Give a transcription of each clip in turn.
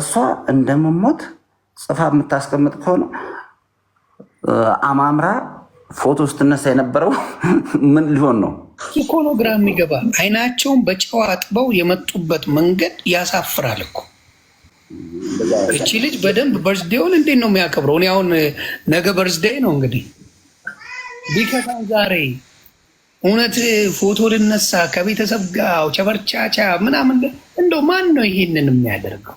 እሷ እንደምሞት ጽፋ የምታስቀምጥ ከሆነ አማምራ ፎቶ ስትነሳ የነበረው ምን ሊሆን ነው? ኢኮኖግራም ይገባ። አይናቸውን በጨዋ አጥበው የመጡበት መንገድ ያሳፍራል እኮ። እቺ ልጅ በደንብ በርዝዴውን እንዴት ነው የሚያከብረው? እኔ አሁን ነገ በርዝዴ ነው እንግዲህ ቢከታ ዛሬ እውነት ፎቶ ልነሳ ከቤተሰብ ጋር ቸበርቻቻ ምናምን፣ እንደው ማን ነው ይሄንን የሚያደርገው?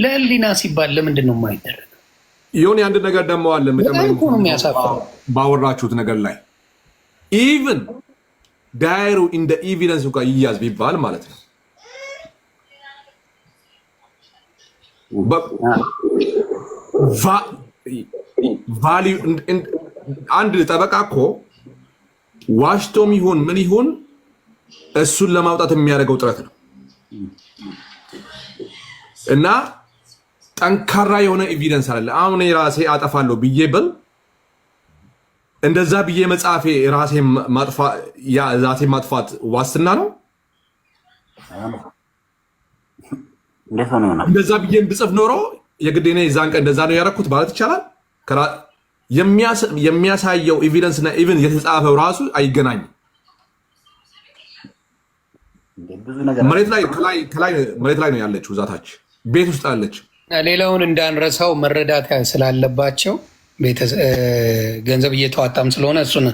ለህሊና ሲባል ለምንድን ነው የማይደረግ? የሆነ የአንድ ነገር ደሞ አለ ባወራችሁት ነገር ላይ ኢቭን ዳይሩ እንደ ኢቪደንስ እንኳ ይያዝ ቢባል ማለት ነው ቫሊዩ አንድ ጠበቃ እኮ ዋሽቶም ይሁን ምን ይሁን እሱን ለማውጣት የሚያደርገው ጥረት ነው እና ጠንካራ የሆነ ኤቪደንስ አለ። አሁን ራሴ አጠፋለሁ ብዬ ብል እንደዛ ብዬ መጽሐፌ ራሴ ማጥፋት ዋስትና ነው። እንደዛ ብዬ ብጽፍ ኖሮ የግዴና የዛን ቀን እንደዛ ነው ያደረኩት ማለት ይቻላል። የሚያሳየው ኤቪደንስ እና ኢቭን የተጻፈው ራሱ አይገናኝም። መሬት ላይ ነው ያለችው፣ እዛ ቤት ውስጥ አለች። ሌላውን እንዳንረሳው መረዳት ስላለባቸው ገንዘብ እየተዋጣም ስለሆነ እሱን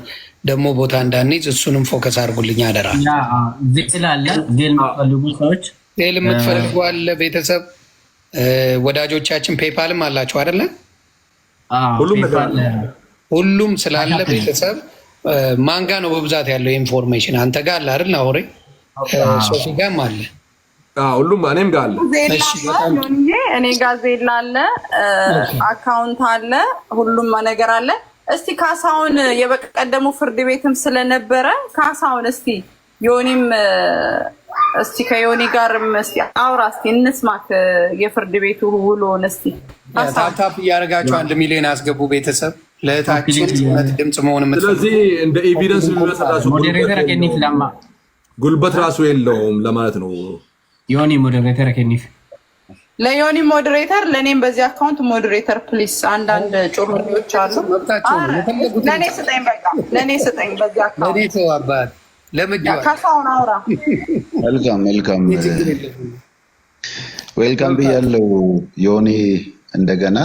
ደግሞ ቦታ እንዳንይዝ እሱንም ፎከስ አድርጉልኝ አደራ። ስላለ የምትፈልጉ አለ ቤተሰብ ወዳጆቻችን ፔፓልም አላቸው አደለ? ሁሉም ስላለ ቤተሰብ ማንጋ ነው በብዛት ያለው ኢንፎርሜሽን አንተ ጋር አለ አይደል? አውሬ ሶፊ ጋም አለ ሁሉም እኔም ጋር አለ እኔ ጋር ዜላ አለ፣ አካውንት አለ፣ ሁሉም ነገር አለ። እስቲ ካሳሁን የበቀደሙ ፍርድ ቤትም ስለነበረ ካሳሁን እስቲ ዮኒም እስቲ ከዮኒ ጋርም እስቲ አውራ እስቲ እንስማት የፍርድ ቤቱ ውሎን እስቲ ታፕታፕ እያደረጋችሁ አንድ ሚሊዮን ያስገቡ ቤተሰብ ለእህታችን ነት ድምፅ መሆን ስለዚህ እንደ ኤቪደንስ ጉልበት ራሱ የለውም ለማለት ነው። ዮኒ ሞዴሬተር ከኒፍ ለዮኒ ሞዴሬተር ለእኔም በዚህ አካውንት ሞዴሬተር ፕሊስ። አንዳንድ ጮርዎች አሉ። ለእኔ ስጠኝ፣ በቃ ለእኔ ስጠኝ። በዚህ አካውንት ካሳሁን አውራ። መልካም መልካም፣ ዌልካም ብያለው ዮኒ እንደገና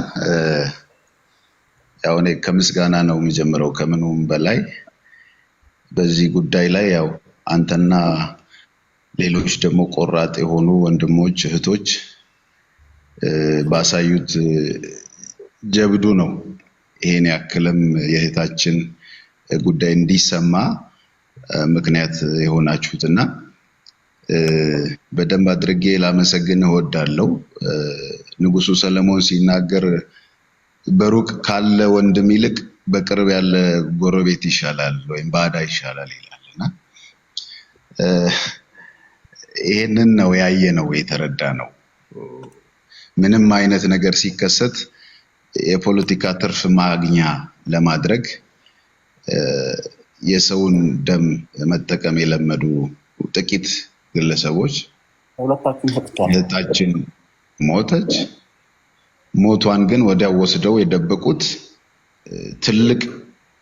ያው እኔ ከምስጋና ነው የሚጀምረው ከምኑም በላይ በዚህ ጉዳይ ላይ ያው አንተና ሌሎች ደግሞ ቆራጥ የሆኑ ወንድሞች እህቶች ባሳዩት ጀብዱ ነው ይሄን ያክልም የእህታችን ጉዳይ እንዲሰማ ምክንያት የሆናችሁትና በደንብ አድርጌ ላመሰግን እወዳለሁ። ንጉሱ ሰለሞን ሲናገር በሩቅ ካለ ወንድም ይልቅ በቅርብ ያለ ጎረቤት ይሻላል ወይም ባዳ ይሻላል እና ይሄንን ነው ያየ ነው የተረዳ ነው። ምንም አይነት ነገር ሲከሰት የፖለቲካ ትርፍ ማግኛ ለማድረግ የሰውን ደም መጠቀም የለመዱ ጥቂት ግለሰቦች እህታችን ሞተች። ሞቷን ግን ወዲያው ወስደው የደበቁት ትልቅ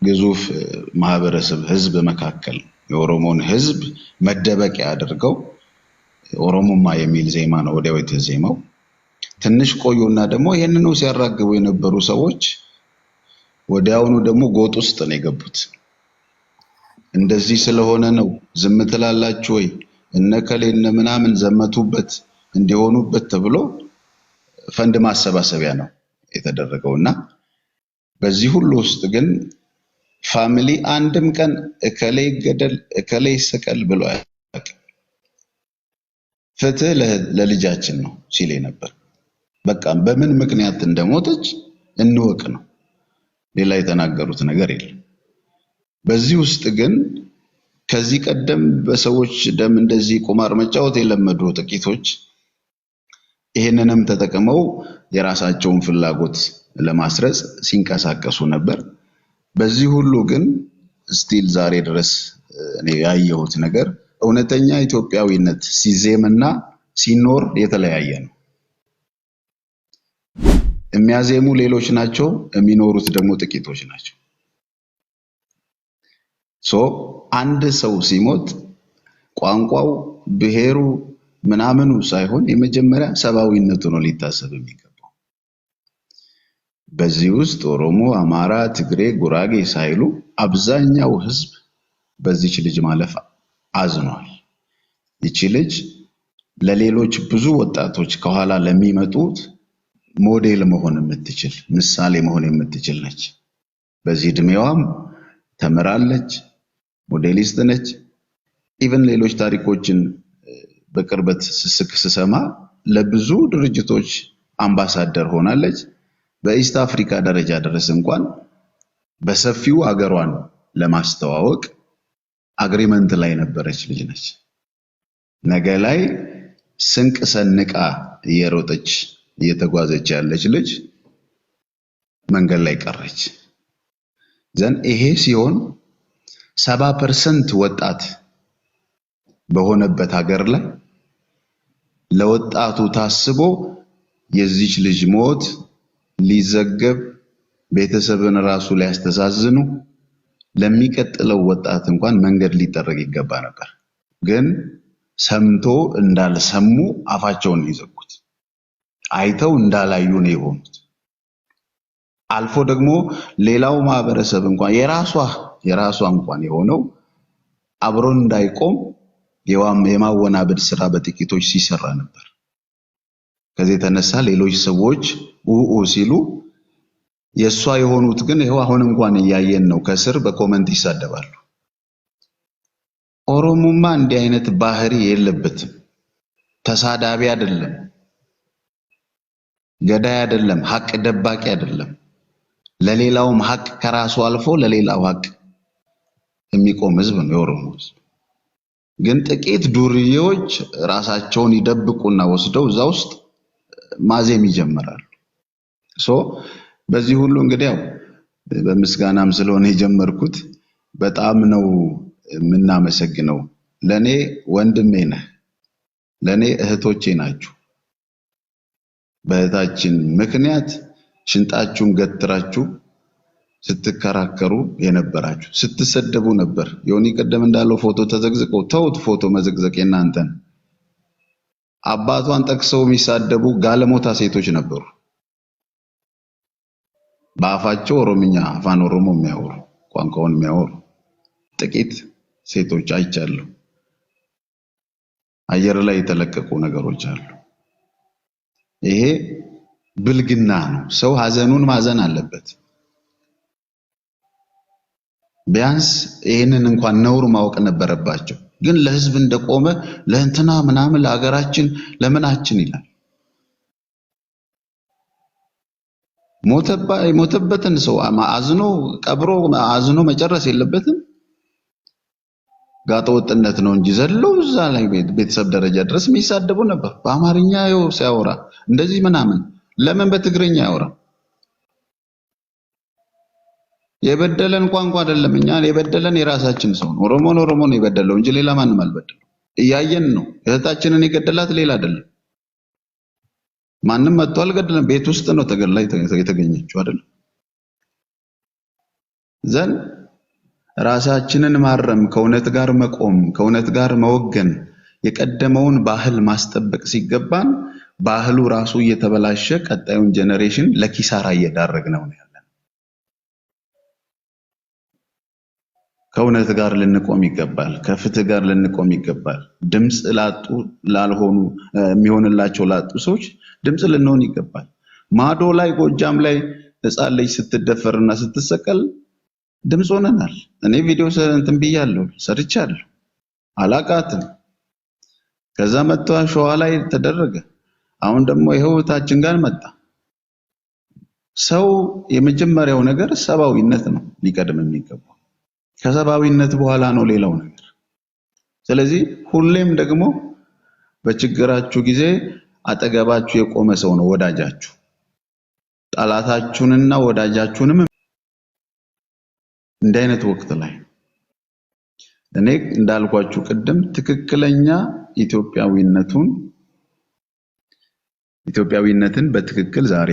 ግዙፍ ማህበረሰብ ህዝብ መካከል የኦሮሞን ህዝብ መደበቂያ አድርገው ኦሮሞማ የሚል ዜማ ነው ወዲያው የተዜማው። ትንሽ ቆዩና ደግሞ ይህንኑ ሲያራግቡ የነበሩ ሰዎች ወዲያውኑ ደግሞ ጎጥ ውስጥ ነው የገቡት። እንደዚህ ስለሆነ ነው ዝም ትላላችሁ ወይ እነከሌ እነ ምናምን ዘመቱበት እንዲሆኑበት ተብሎ ፈንድ ማሰባሰቢያ ነው የተደረገው እና በዚህ ሁሉ ውስጥ ግን ፋሚሊ አንድም ቀን እከሌ ይገደል እከሌ ይሰቀል ብሏል። ፍትህ ለልጃችን ነው ሲል ነበር። በቃ በምን ምክንያት እንደሞተች እንወቅ ነው። ሌላ የተናገሩት ነገር የለም። በዚህ ውስጥ ግን ከዚህ ቀደም በሰዎች ደም እንደዚህ ቁማር መጫወት የለመዱ ጥቂቶች ይህንንም ተጠቅመው የራሳቸውን ፍላጎት ለማስረጽ ሲንቀሳቀሱ ነበር። በዚህ ሁሉ ግን ስቲል ዛሬ ድረስ እኔ ያየሁት ነገር እውነተኛ ኢትዮጵያዊነት ሲዜምና ሲኖር የተለያየ ነው። የሚያዜሙ ሌሎች ናቸው፣ የሚኖሩት ደግሞ ጥቂቶች ናቸው። ሶ አንድ ሰው ሲሞት ቋንቋው፣ ብሔሩ፣ ምናምኑ ሳይሆን የመጀመሪያ ሰብአዊነቱ ነው ሊታሰብ የሚገባው። በዚህ ውስጥ ኦሮሞ፣ አማራ፣ ትግሬ፣ ጉራጌ ሳይሉ አብዛኛው ህዝብ በዚች ልጅ ማለፍ አዝኗል። ይቺ ልጅ ለሌሎች ብዙ ወጣቶች ከኋላ ለሚመጡት ሞዴል መሆን የምትችል ምሳሌ መሆን የምትችል ነች። በዚህ እድሜዋም ተምራለች፣ ሞዴሊስት ነች። ኢቨን ሌሎች ታሪኮችን በቅርበት ስስክ ስሰማ ለብዙ ድርጅቶች አምባሳደር ሆናለች። በኢስት አፍሪካ ደረጃ ድረስ እንኳን በሰፊው አገሯን ለማስተዋወቅ አግሪመንት ላይ የነበረች ልጅ ነች። ነገ ላይ ስንቅ ሰንቃ እየሮጠች እየተጓዘች ያለች ልጅ መንገድ ላይ ቀረች። ዘን ይሄ ሲሆን ሰባ ፐርሰንት ወጣት በሆነበት ሀገር ላይ ለወጣቱ ታስቦ የዚች ልጅ ሞት ሊዘገብ ቤተሰብን ራሱ ሊያስተዛዝኑ ለሚቀጥለው ወጣት እንኳን መንገድ ሊጠረግ ይገባ ነበር። ግን ሰምቶ እንዳልሰሙ አፋቸውን ይዘጉት አይተው እንዳላዩ ነው የሆኑት። አልፎ ደግሞ ሌላው ማህበረሰብ እንኳን የራሷ የራሷ እንኳን የሆነው አብሮ እንዳይቆም የማወናበድ ስራ በጥቂቶች ሲሰራ ነበር። ከዚህ የተነሳ ሌሎች ሰዎች ኡኡ ሲሉ የእሷ የሆኑት ግን ይኸው አሁን እንኳን እያየን ነው። ከስር በኮመንት ይሳደባሉ። ኦሮሞማ እንዲህ አይነት ባህሪ የለበትም። ተሳዳቢ አይደለም፣ ገዳይ አይደለም፣ ሀቅ ደባቂ አይደለም። ለሌላውም ሀቅ ከራሱ አልፎ ለሌላው ሀቅ የሚቆም ህዝብ ነው የኦሮሞ ህዝብ። ግን ጥቂት ዱርዬዎች ራሳቸውን ይደብቁና ወስደው እዛ ውስጥ ማዜም ይጀምራሉ። በዚህ ሁሉ እንግዲህ ያው በምስጋናም ስለሆነ የጀመርኩት በጣም ነው የምናመሰግነው። ለኔ ወንድሜ ነህ፣ ለኔ እህቶቼ ናችሁ። በእህታችን ምክንያት ሽንጣችሁን ገትራችሁ ስትከራከሩ የነበራችሁ ስትሰደቡ ነበር። ዮኒ ቀደም እንዳለው ፎቶ ተዘግዝቆ ተውት፣ ፎቶ መዘግዘቅ የናንተን አባቷን ጠቅሰው የሚሳደቡ ጋለሞታ ሴቶች ነበሩ። በአፋቸው ኦሮምኛ አፋን ኦሮሞ የሚያወሩ ቋንቋውን የሚያወሩ ጥቂት ሴቶች አይቻለሁ። አየር ላይ የተለቀቁ ነገሮች አሉ። ይሄ ብልግና ነው። ሰው ሀዘኑን ማዘን አለበት። ቢያንስ ይህንን እንኳን ነውር ማወቅ ነበረባቸው። ግን ለህዝብ እንደቆመ ለእንትና ምናምን ለሀገራችን ለምናችን ይላል። የሞተበትን ሰው አዝኖ ቀብሮ አዝኖ መጨረስ የለበትም። ጋጠወጥነት ነው እንጂ ዘሎ እዛ ላይ ቤተሰብ ደረጃ ድረስ የሚሳደቡ ነበር። በአማርኛ ይኸው ሲያወራ እንደዚህ ምናምን ለምን በትግርኛ ያወራ? የበደለን ቋንቋ አይደለም። እኛ የበደለን የራሳችን ሰው ነው። ኦሮሞን ኦሮሞን የበደለው እንጂ ሌላ ማንም አልበደለው። እያየን ነው። እህታችንን የገደላት ሌላ አይደለም። ማንም መጥቶ አልገደለም። ቤት ውስጥ ነው ተገድላ የተገኘችው አይደል? ዘን ራሳችንን ማረም፣ ከእውነት ጋር መቆም፣ ከእውነት ጋር መወገን፣ የቀደመውን ባህል ማስጠበቅ ሲገባን ባህሉ ራሱ እየተበላሸ ቀጣዩን ጄኔሬሽን ለኪሳራ እየዳረግ ነው ያለን። ከእውነት ጋር ልንቆም ይገባል። ከፍትህ ጋር ልንቆም ይገባል። ድምፅ ላጡ ላልሆኑ የሚሆንላቸው ላጡ ሰዎች ድምፅ ልንሆን ይገባል። ማዶ ላይ ጎጃም ላይ ሕፃን ልጅ ስትደፈርና ስትሰቀል ድምፅ ሆነናል። እኔ ቪዲዮ እንትን ብያለሁ፣ ሰርቻለሁ። አላቃትም። ከዛ መጥቷ ሸዋ ላይ ተደረገ። አሁን ደግሞ ይኸው ታችን ጋር መጣ። ሰው የመጀመሪያው ነገር ሰብአዊነት ነው ሊቀድም የሚገባው። ከሰብአዊነት በኋላ ነው ሌላው ነገር። ስለዚህ ሁሌም ደግሞ በችግራችሁ ጊዜ አጠገባችሁ የቆመ ሰው ነው ወዳጃችሁ። ጠላታችሁንና ወዳጃችሁንም እንዲህ አይነት ወቅት ላይ እኔ እንዳልኳችሁ ቅድም ትክክለኛ ኢትዮጵያዊነቱን ኢትዮጵያዊነትን በትክክል ዛሬ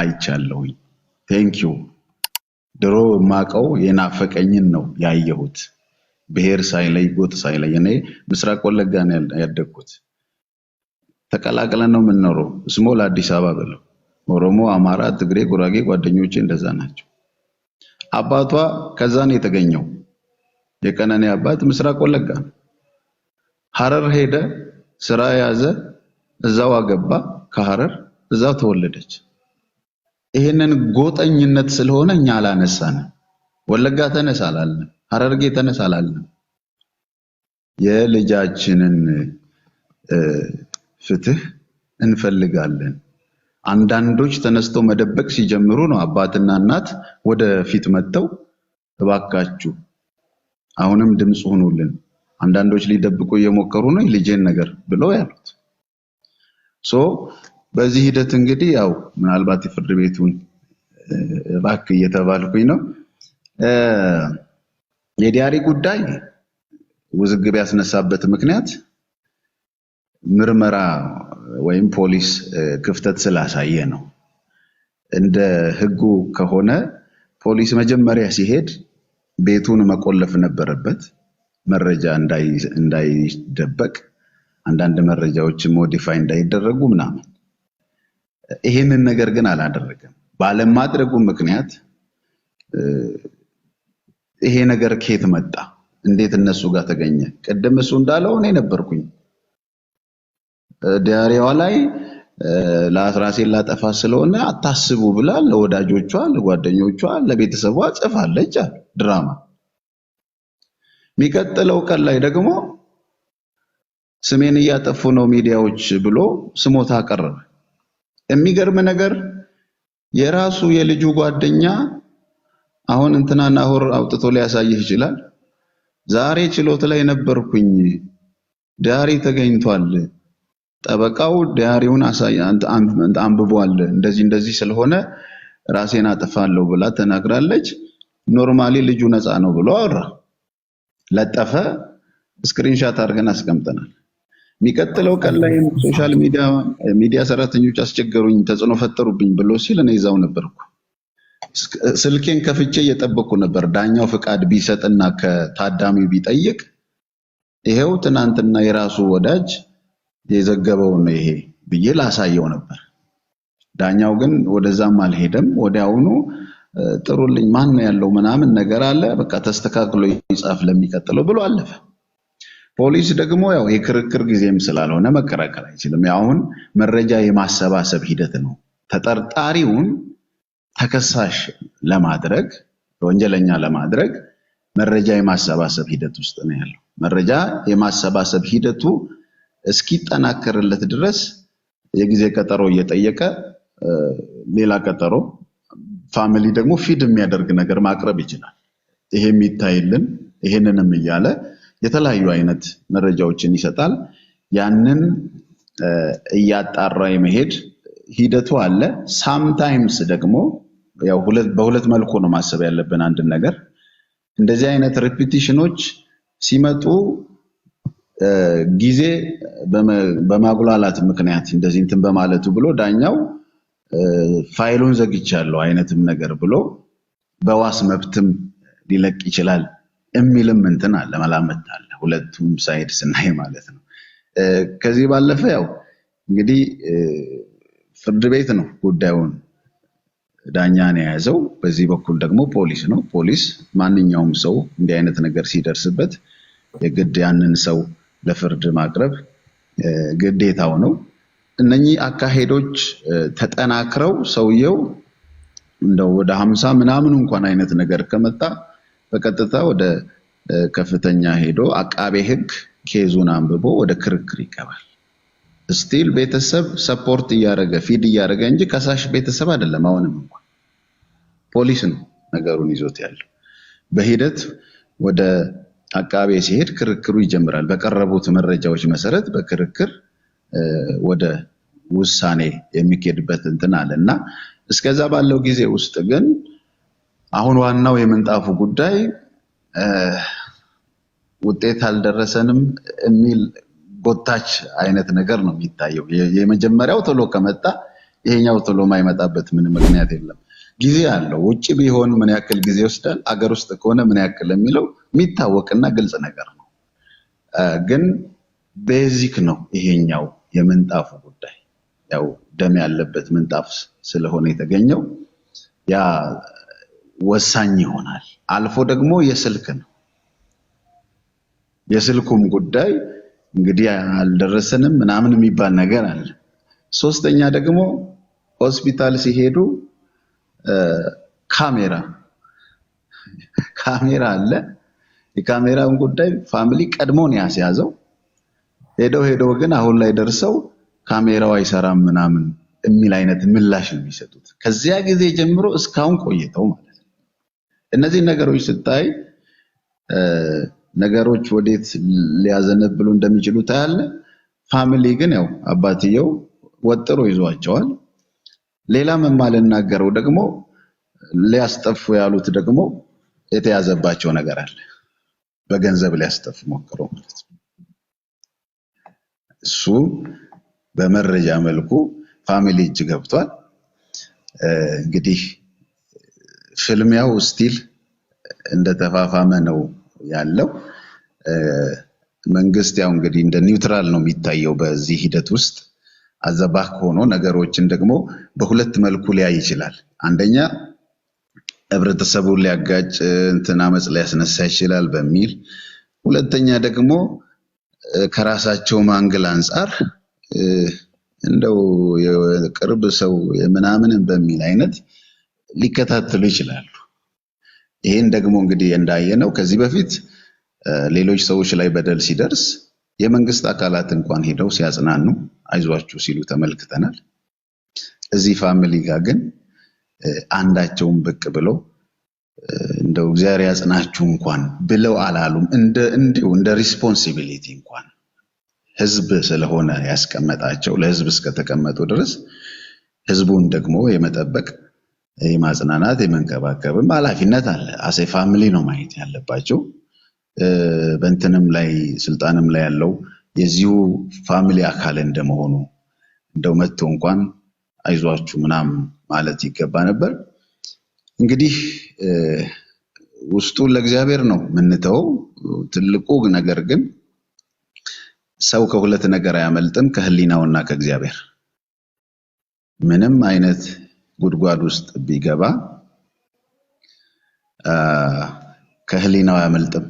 አይቻለሁኝ። ቴንኪ ዩ። ድሮ የማውቀው የናፈቀኝን ነው ያየሁት። ብሔር ሳይለይ ጎጥ ሳይለይ እኔ ምስራቅ ወለጋ ነው ያደግኩት። ተቀላቅለን ነው የምንኖረው። ስሞል አዲስ አበባ ብለው ኦሮሞ፣ አማራ፣ ትግሬ፣ ጉራጌ ጓደኞቼ እንደዛ ናቸው። አባቷ ከዛ ነው የተገኘው። የቀነኔ አባት ምስራቅ ወለጋ ሀረር ሄደ፣ ስራ ያዘ፣ እዛው አገባ። ከሀረር እዛው ተወለደች። ይሄንን ጎጠኝነት ስለሆነ እኛ አላነሳንም። ወለጋ ተነስ አላልንም፣ ሐረርጌ ተነስ አላልንም። የልጃችንን ፍትህ እንፈልጋለን። አንዳንዶች ተነስተው መደበቅ ሲጀምሩ ነው አባትና እናት ወደ ፊት መጥተው እባካችሁ አሁንም ድምፅ ሁኑልን፣ አንዳንዶች ሊደብቁ እየሞከሩ ነው ልጄን ነገር ብለው ያሉት። ሶ በዚህ ሂደት እንግዲህ ያው ምናልባት የፍርድ ቤቱን እባክህ እየተባልኩኝ ነው የዲያሪ ጉዳይ ውዝግብ ያስነሳበት ምክንያት ምርመራ ወይም ፖሊስ ክፍተት ስላሳየ ነው። እንደ ህጉ ከሆነ ፖሊስ መጀመሪያ ሲሄድ ቤቱን መቆለፍ ነበረበት፣ መረጃ እንዳይደበቅ፣ አንዳንድ መረጃዎች ሞዲፋይ እንዳይደረጉ ምናምን። ይሄንን ነገር ግን አላደረገም። ባለማድረጉ ምክንያት ይሄ ነገር ከየት መጣ? እንዴት እነሱ ጋር ተገኘ? ቅድም እሱ እንዳለው እኔ ነበርኩኝ ዲያሪዋ ላይ ራሴን ላጠፋ ስለሆነ አታስቡ ብላ ለወዳጆቿ፣ ለጓደኞቿ፣ ለቤተሰቧ ጽፋለች። ድራማ የሚቀጥለው ቀን ላይ ደግሞ ስሜን እያጠፉ ነው ሚዲያዎች ብሎ ስሞታ አቀረበ። የሚገርም ነገር የራሱ የልጁ ጓደኛ አሁን እንትናና ሆር አውጥቶ ሊያሳይህ ይችላል። ዛሬ ችሎት ላይ ነበርኩኝ ዳሪ ተገኝቷል ጠበቃው ዲያሪውን አንብቧል፣ እንደዚህ እንደዚህ ስለሆነ ራሴን አጥፋለሁ ብላ ተናግራለች። ኖርማሊ ልጁ ነፃ ነው ብሎ አወራ፣ ለጠፈ፣ ስክሪንሻት አድርገን አስቀምጠናል። የሚቀጥለው ቀን ላይ ሶሻል ሚዲያ ሰራተኞች አስቸገሩኝ፣ ተጽዕኖ ፈጠሩብኝ ብሎ ሲል እኔ ይዛው ነበርኩ። ስልኬን ከፍቼ እየጠበቅኩ ነበር ዳኛው ፍቃድ ቢሰጥና ከታዳሚው ቢጠይቅ። ይሄው ትናንትና የራሱ ወዳጅ የዘገበውን ነው ይሄ ብዬ ላሳየው ነበር። ዳኛው ግን ወደዛም አልሄደም። ወዲያውኑ ጥሩልኝ ማን ነው ያለው ምናምን ነገር አለ። በቃ ተስተካክሎ ይጻፍ ለሚቀጥለው ብሎ አለፈ። ፖሊስ ደግሞ ያው የክርክር ጊዜም ስላልሆነ መከራከር አይችልም። አሁን መረጃ የማሰባሰብ ሂደት ነው። ተጠርጣሪውን ተከሳሽ ለማድረግ ወንጀለኛ ለማድረግ መረጃ የማሰባሰብ ሂደት ውስጥ ነው ያለው። መረጃ የማሰባሰብ ሂደቱ እስኪጠናከርለት ድረስ የጊዜ ቀጠሮ እየጠየቀ ሌላ ቀጠሮ ፋሚሊ ደግሞ ፊድ የሚያደርግ ነገር ማቅረብ ይችላል። ይሄ የሚታይልን ይሄንንም እያለ የተለያዩ አይነት መረጃዎችን ይሰጣል። ያንን እያጣራ የመሄድ ሂደቱ አለ። ሳምታይምስ ደግሞ ያው በሁለት መልኩ ነው ማሰብ ያለብን አንድን ነገር እንደዚህ አይነት ሪፒቲሽኖች ሲመጡ ጊዜ በማጉላላት ምክንያት እንደዚህ እንትን በማለቱ ብሎ ዳኛው ፋይሉን ዘግቻለሁ አይነትም ነገር ብሎ በዋስ መብትም ሊለቅ ይችላል የሚልም እንትን አለ፣ መላመት አለ። ሁለቱም ሳይድ ስናይ ማለት ነው። ከዚህ ባለፈ ያው እንግዲህ ፍርድ ቤት ነው ጉዳዩን ዳኛን የያዘው። በዚህ በኩል ደግሞ ፖሊስ ነው። ፖሊስ ማንኛውም ሰው እንዲህ አይነት ነገር ሲደርስበት የግድ ያንን ሰው ለፍርድ ማቅረብ ግዴታው ነው። እነኚህ አካሄዶች ተጠናክረው ሰውየው እንደው ወደ ሀምሳ ምናምን እንኳን አይነት ነገር ከመጣ በቀጥታ ወደ ከፍተኛ ሄዶ አቃቤ ሕግ ኬዙን አንብቦ ወደ ክርክር ይገባል። ስቲል ቤተሰብ ሰፖርት እያደረገ ፊድ እያደረገ እንጂ ከሳሽ ቤተሰብ አይደለም። አሁንም እንኳን ፖሊስ ነው ነገሩን ይዞት ያለው በሂደት ወደ አቃቤ ሲሄድ ክርክሩ ይጀምራል። በቀረቡት መረጃዎች መሰረት በክርክር ወደ ውሳኔ የሚኬድበት እንትን አለ እና እስከዛ ባለው ጊዜ ውስጥ ግን አሁን ዋናው የምንጣፉ ጉዳይ ውጤት አልደረሰንም የሚል ጎታች አይነት ነገር ነው የሚታየው። የመጀመሪያው ቶሎ ከመጣ ይሄኛው ቶሎ ማይመጣበት ምንም ምክንያት የለም። ጊዜ አለው። ውጭ ቢሆን ምን ያክል ጊዜ ይወስዳል፣ አገር ውስጥ ከሆነ ምን ያክል የሚለው የሚታወቅና ግልጽ ነገር ነው። ግን ቤዚክ ነው ይሄኛው የምንጣፉ ጉዳይ። ያው ደም ያለበት ምንጣፍ ስለሆነ የተገኘው ያ ወሳኝ ይሆናል። አልፎ ደግሞ የስልክ ነው። የስልኩም ጉዳይ እንግዲህ አልደረሰንም ምናምን የሚባል ነገር አለ። ሶስተኛ ደግሞ ሆስፒታል ሲሄዱ ካሜራ ካሜራ አለ። የካሜራውን ጉዳይ ፋሚሊ ቀድሞ ነው ያስያዘው። ሄደው ሄደው ግን አሁን ላይ ደርሰው ካሜራው አይሰራም ምናምን የሚል አይነት ምላሽ ነው የሚሰጡት። ከዚያ ጊዜ ጀምሮ እስካሁን ቆይተው ማለት ነው። እነዚህ ነገሮች ስታይ ነገሮች ወዴት ሊያዘነብሉ እንደሚችሉ ታያለ። ፋሚሊ ግን ያው አባትየው ወጥሮ ይዟቸዋል። መማል የማልናገረው ደግሞ ሊያስጠፉ ያሉት ደግሞ የተያዘባቸው ነገር አለ። በገንዘብ ሊያስጠፉ ሞክረው ማለት ነው። እሱ በመረጃ መልኩ ፋሚሊ እጅ ገብቷል። እንግዲህ ፍልሚያው ስቲል እንደተፋፋመ ነው ያለው። መንግስት ያው እንግዲህ እንደ ኒውትራል ነው የሚታየው በዚህ ሂደት ውስጥ አዘባክ ሆኖ ነገሮችን ደግሞ በሁለት መልኩ ሊያይ ይችላል። አንደኛ ህብረተሰቡን ሊያጋጭ እንትን አመፅ ሊያስነሳ ይችላል በሚል ሁለተኛ ደግሞ ከራሳቸው ማንግል አንጻር እንደው የቅርብ ሰው ምናምንም በሚል አይነት ሊከታተሉ ይችላሉ። ይህን ደግሞ እንግዲህ እንዳየነው ከዚህ በፊት ሌሎች ሰዎች ላይ በደል ሲደርስ የመንግስት አካላት እንኳን ሄደው ሲያጽናኑ አይዟችሁ ሲሉ ተመልክተናል። እዚህ ፋሚሊ ጋር ግን አንዳቸውም ብቅ ብለው እንደው እግዚአብሔር ያጽናችሁ እንኳን ብለው አላሉም። እንደ እንዲሁ እንደ ሪስፖንሲቢሊቲ እንኳን ህዝብ ስለሆነ ያስቀመጣቸው ለህዝብ እስከተቀመጡ ድረስ ህዝቡን ደግሞ የመጠበቅ የማጽናናት የመንከባከብም ኃላፊነት አለ። አሴ ፋሚሊ ነው ማየት ያለባቸው። በእንትንም ላይ ስልጣንም ላይ ያለው የዚሁ ፋሚሊ አካል እንደመሆኑ እንደው መጥቶ እንኳን አይዟችሁ ምናምን ማለት ይገባ ነበር። እንግዲህ ውስጡ ለእግዚአብሔር ነው የምንተወው። ትልቁ ነገር ግን ሰው ከሁለት ነገር አያመልጥም፣ ከህሊናውና ከእግዚአብሔር። ምንም አይነት ጉድጓድ ውስጥ ቢገባ ከህሊናው አያመልጥም።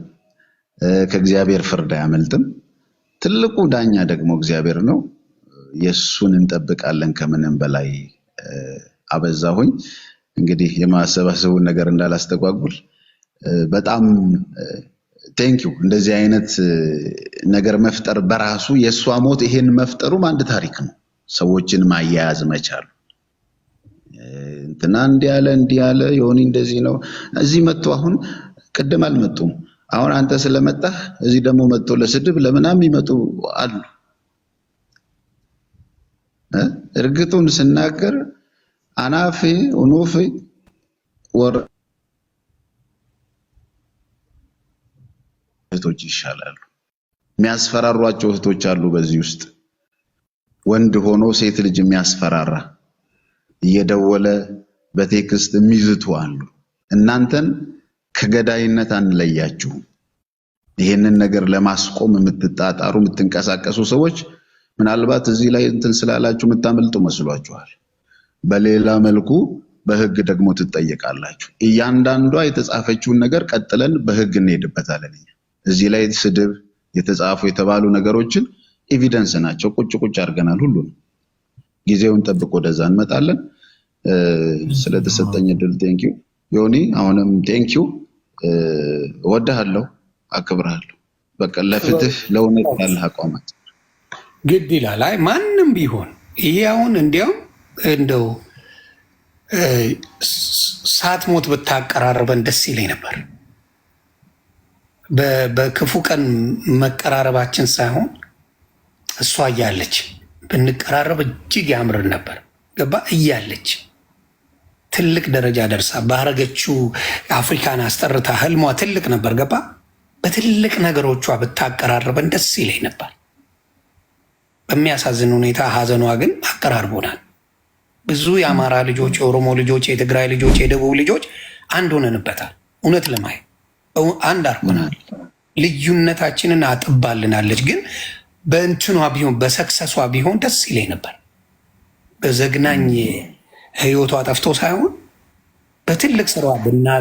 ከእግዚአብሔር ፍርድ አያመልጥም። ትልቁ ዳኛ ደግሞ እግዚአብሔር ነው። የእሱን እንጠብቃለን ከምንም በላይ አበዛሁኝ። እንግዲህ የማሰባሰቡን ነገር እንዳላስተጓጉል በጣም ቴንኪ እንደዚህ አይነት ነገር መፍጠር በራሱ የእሷ ሞት ይሄን መፍጠሩም አንድ ታሪክ ነው። ሰዎችን ማያያዝ መቻሉ እንትና እንዲህ ያለ እንዲህ ያለ የሆኒ እንደዚህ ነው። እዚህ መጥቶ አሁን ቅድም አልመጡም አሁን አንተ ስለመጣህ እዚህ ደግሞ መጥቶ ለስድብ ለምናምን ይመጡ አሉ። እርግጡን ስናገር አናፊ ኡኑፊ እህቶች ይሻላሉ። የሚያስፈራሯቸው እህቶች አሉ። በዚህ ውስጥ ወንድ ሆኖ ሴት ልጅ የሚያስፈራራ እየደወለ በቴክስት የሚዝቱ አሉ እናንተን ከገዳይነት አንለያችሁ። ይህንን ነገር ለማስቆም የምትጣጣሩ የምትንቀሳቀሱ ሰዎች ምናልባት እዚህ ላይ እንትን ስላላችሁ የምታመልጡ መስሏችኋል። በሌላ መልኩ በህግ ደግሞ ትጠየቃላችሁ። እያንዳንዷ የተጻፈችውን ነገር ቀጥለን በህግ እንሄድበታለን። እዚህ ላይ ስድብ፣ የተጻፉ የተባሉ ነገሮችን ኤቪደንስ ናቸው። ቁጭ ቁጭ አድርገናል። ሁሉን ጊዜውን ጠብቆ ወደዛ እንመጣለን። ስለተሰጠኝ ድል ቴንኪው ዮኒ፣ አሁንም ቴንኪው። እወድሃለሁ፣ አክብርሃለሁ። በቃ ለፍትህ ለእውነት ያለህ አቋማት ግድ ይላል። አይ ማንም ቢሆን ይሄ አሁን እንዲያውም እንደው ሞት ብታቀራርበን ደስ ይለኝ ነበር። በክፉ ቀን መቀራረባችን ሳይሆን እሷ እያለች ብንቀራረብ እጅግ ያምርን ነበር። ገባ እያለች ትልቅ ደረጃ ደርሳ ባረገችው አፍሪካን አስጠርታ ህልሟ ትልቅ ነበር። ገባ በትልቅ ነገሮቿ ብታቀራርበን ደስ ይለኝ ነበር። በሚያሳዝን ሁኔታ ሀዘኗ ግን አቀራርቦናል። ብዙ የአማራ ልጆች፣ የኦሮሞ ልጆች፣ የትግራይ ልጆች፣ የደቡብ ልጆች አንድ ሆነንበታል። እውነት ለማየት አንድ አርጎናል። ልዩነታችንን አጥባልናለች። ግን በእንትኗ ቢሆን በሰክሰሷ ቢሆን ደስ ይለኝ ነበር በዘግናኝ ህይወቷ ጠፍቶ ሳይሆን በትልቅ ስራዋ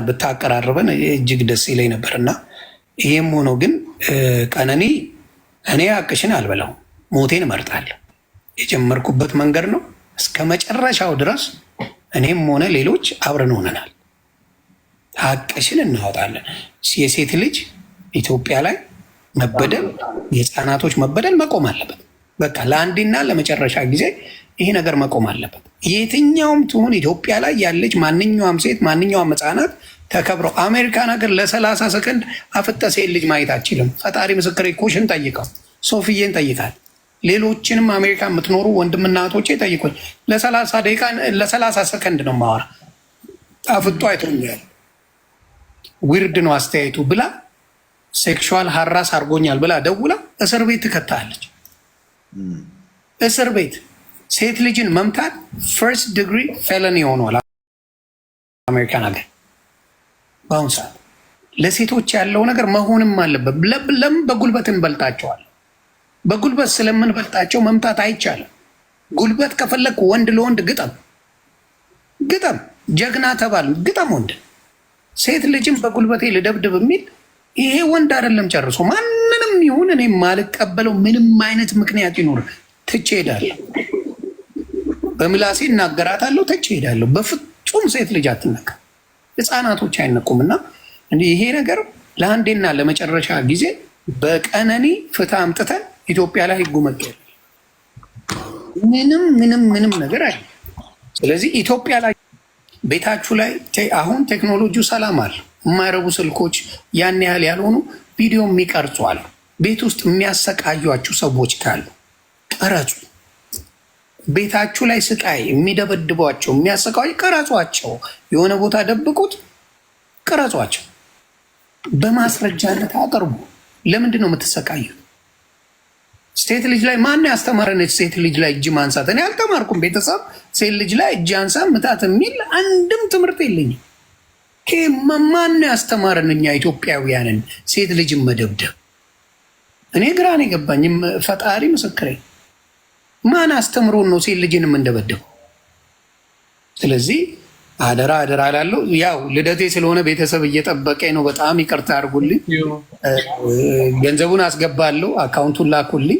ብታቀራርበን እጅግ ደስ ይለኝ ነበር እና ይህም ሆኖ ግን ቀነኒ እኔ አቅሽን አልበላውም፣ ሞቴን እመርጣለሁ። የጀመርኩበት መንገድ ነው። እስከ መጨረሻው ድረስ እኔም ሆነ ሌሎች አብረን ሆነናል። አቅሽን እናወጣለን። የሴት ልጅ ኢትዮጵያ ላይ መበደል፣ የህፃናቶች መበደል መቆም አለበት። በቃ ለአንዴና ለመጨረሻ ጊዜ ይሄ ነገር መቆም አለበት። የትኛውም ትሁን ኢትዮጵያ ላይ ያለች ማንኛውም ሴት ማንኛውም ሕፃናት ተከብረው አሜሪካን ሀገር ለሰላሳ ሰከንድ አፍጠ ሴት ልጅ ማየት አችልም። ፈጣሪ ምስክር ኮሽን ጠይቀው፣ ሶፍዬን ጠይቃል፣ ሌሎችንም አሜሪካ የምትኖሩ ወንድምና እህቶቼ ጠይቆኝ። ለሰላሳ ደቂቃ ለሰላሳ ሰከንድ ነው ማወራ አፍጦ አይቶኛል። ዊርድ ነው አስተያየቱ ብላ ሴክሹዋል ሀራስ አድርጎኛል ብላ ደውላ እስር ቤት ትከታለች። እስር ቤት ሴት ልጅን መምታት ፈርስት ዲግሪ ፌለኒ ሆኗል አሜሪካን ሀገር በአሁኑ ሰዓት። ለሴቶች ያለው ነገር መሆንም አለበት። ለምን በጉልበት እንበልጣቸዋል? በጉልበት ስለምንበልጣቸው መምታት አይቻልም። ጉልበት ከፈለግ ወንድ ለወንድ ግጠም ግጠም፣ ጀግና ተባል ግጠም ወንድ። ሴት ልጅም በጉልበቴ ልደብድብ የሚል ይሄ ወንድ አይደለም ጨርሶ። ማንንም ይሁን እኔ ማልቀበለው ምንም አይነት ምክንያት ይኖር ትቼ ሄዳለሁ። በምላሴ እናገራታለሁ፣ ተች ሄዳለሁ። በፍጹም ሴት ልጅ አትነካ፣ ህፃናቶች አይነቁም። እና ይሄ ነገር ለአንዴና ለመጨረሻ ጊዜ በቀነኒ ፍትህ አምጥተን ኢትዮጵያ ላይ ህጉ መቀየር ምንም ምንም ምንም ነገር አይ። ስለዚህ ኢትዮጵያ ላይ ቤታችሁ ላይ አሁን ቴክኖሎጂው ሰላም አለ። የማይረቡ ስልኮች ያን ያህል ያልሆኑ ቪዲዮ የሚቀርጹ አሉ። ቤት ውስጥ የሚያሰቃዩአችሁ ሰዎች ካሉ ቀረጹ። ቤታችሁ ላይ ስቃይ የሚደበድቧቸው የሚያሰቃዩ ቀረጿቸው፣ የሆነ ቦታ ደብቁት፣ ቅረጿቸው፣ በማስረጃነት አቅርቡ። ለምንድን ነው የምትሰቃዩት? ሴት ልጅ ላይ ማን ያስተማረነች? ሴት ልጅ ላይ እጅ ማንሳት እኔ አልተማርኩም። ቤተሰብ ሴት ልጅ ላይ እጅ አንሳ ምታት የሚል አንድም ትምህርት የለኝም። ማን ያስተማረን? እኛ ኢትዮጵያውያንን ሴት ልጅን መደብደብ እኔ ግራን የገባኝም ፈጣሪ ምስክሬ ማን አስተምሮን ነው ሴት ልጅንም የምንደበድበው? ስለዚህ አደራ አደራ ላለው ያው ልደቴ ስለሆነ ቤተሰብ እየጠበቀ ነው። በጣም ይቅርታ አድርጉልኝ። ገንዘቡን አስገባለሁ። አካውንቱን ላኩልኝ።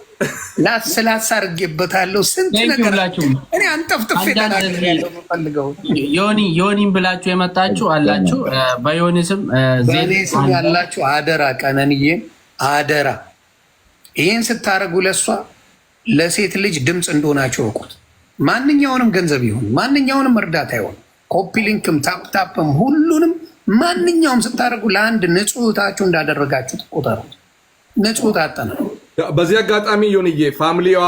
ላስላሳ አድርጌበታለሁ። ስንት ነገር እኔ አንጠፍጥፌ ፈልገው ዮኒ ዮኒም ብላችሁ የመጣችሁ አላችሁ። በዮኒ ስም በእኔ ስም ያላችሁ አደራ፣ ቀነንዬ አደራ። ይህን ስታደርጉ ለእሷ ለሴት ልጅ ድምፅ እንደሆናችሁ እውቁት። ማንኛውንም ገንዘብ ይሁን ማንኛውንም እርዳታ ይሁን ኮፒ ሊንክም ታፕታፕም ሁሉንም ማንኛውም ስታደርጉ ለአንድ ንጹህታችሁ እንዳደረጋችሁ ትቆጠሩ። ንጹህ አጠና በዚህ አጋጣሚ ዮንዬ ፋሚሊዋ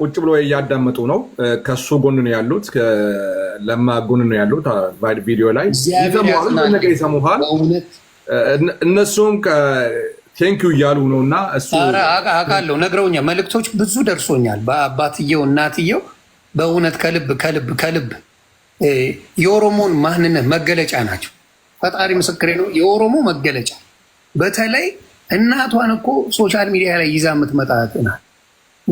ቁጭ ብሎ እያዳመጡ ነው። ከሱ ጎን ነው ያሉት፣ ለማ ጎን ነው ያሉት። ቪዲዮ ላይ ነገር ይሰሙሃል። እነሱም ቴንኪዩ እያሉ ነው እና አውቃለሁ፣ ነግረውኛል። መልእክቶች ብዙ ደርሶኛል። በአባትየው እናትየው፣ በእውነት ከልብ ከልብ ከልብ የኦሮሞን ማንነት መገለጫ ናቸው። ፈጣሪ ምስክሬ ነው። የኦሮሞ መገለጫ በተለይ እናቷን እኮ ሶሻል ሚዲያ ላይ ይዛ የምትመጣ ናት።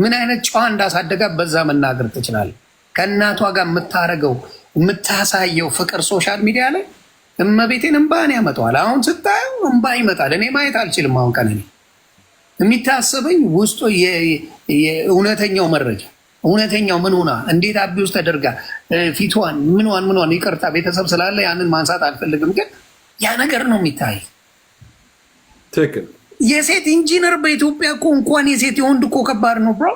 ምን አይነት ጨዋ እንዳሳደጋ በዛ መናገር ትችላለህ። ከእናቷ ጋር የምታረገው የምታሳየው ፍቅር ሶሻል ሚዲያ ላይ እመቤቴን እምባን ያመጣዋል። አሁን ስታየው እምባ ይመጣል። እኔ ማየት አልችልም። አሁን ቀን እኔ የሚታሰበኝ ውስጡ እውነተኛው መረጃ እውነተኛው ምን ሆና እንዴት አቢ ውስጥ ተደርጋ ፊቷን ምኗን ምኗን፣ ይቅርታ ቤተሰብ ስላለ ያንን ማንሳት አልፈልግም፣ ግን ያ ነገር ነው የሚታይ ትክክል የሴት ኢንጂነር በኢትዮጵያ እኮ እንኳን የሴት የወንድ እኮ ከባድ ነው ብሮ።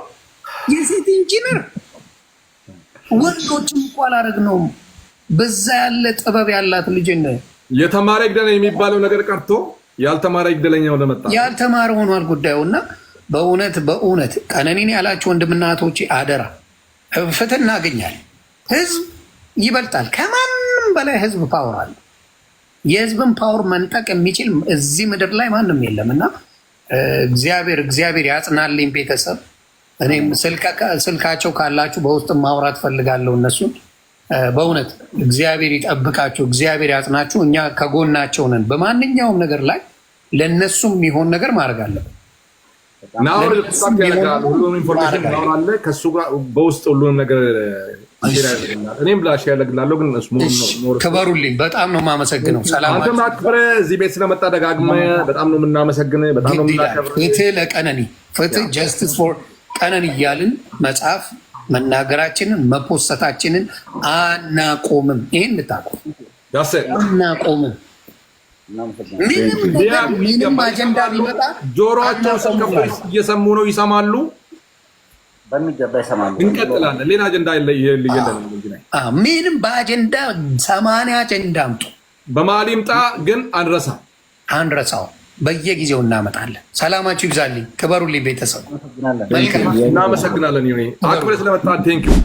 የሴት ኢንጂነር ወንዶች እኮ አላደረግ ነው። በዛ ያለ ጥበብ ያላት ልጅ የተማረ ይግደለኝ የሚባለው ነገር ቀርቶ ያልተማረ ይግደለኛ ወደመጣ ያልተማረ ሆኗል ጉዳዩ እና በእውነት በእውነት ቀነኒን ያላቸው ወንድምና እህቶቼ አደራ ፍትህ እናገኛል። ህዝብ ይበልጣል። ከማንም በላይ ህዝብ ፓወር አለ። የህዝብን ፓወር መንጠቅ የሚችል እዚህ ምድር ላይ ማንም የለም እና እግዚአብሔር እግዚአብሔር ያጽናልኝ ቤተሰብ። እኔም ስልካቸው ካላችሁ በውስጥ ማውራት ፈልጋለሁ እነሱን። በእውነት እግዚአብሔር ይጠብቃችሁ፣ እግዚአብሔር ያጽናችሁ። እኛ ከጎናቸው ነን። በማንኛውም ነገር ላይ ለእነሱም የሚሆን ነገር ማድረግ አለብን። ሁሉንም ኢንፎርሜሽን በውስጥ ሁሉንም ነገር እኔም ላሽ ያለግላለሁ ግን ክበሩልኝ። በጣም ነው የማመሰግነው። ሰላም አክብረ እዚህ ቤት ስለመጣ ደጋግመ በጣም ነው የምናመሰግን። በጣም ነው ፍትህ ለቀነኒ ፍትህ ጀስቲስ ፎር ቀነኒ እያልን መጽሐፍ መናገራችንን መፖሰታችንን አናቆምም። ይህን ልታቆ አናቆምም። ምንም አጀንዳ ቢመጣ ጆሮቸው እየሰሙ ነው ይሰማሉ። በሚገባ ይሰማሉ። እንቀጥላለን። ሌላ አጀንዳ የለንም። ምንም በአጀንዳ ሰማንያ አጀንዳ አምጡ። በመሀል ይምጣ ግን አንረሳ አንረሳው በየጊዜው እናመጣለን። ሰላማችሁ ይብዛልኝ። ክበሩልኝ ቤተሰብ። እናመሰግናለን። አክብሬ ስለመጣ ቴንኪው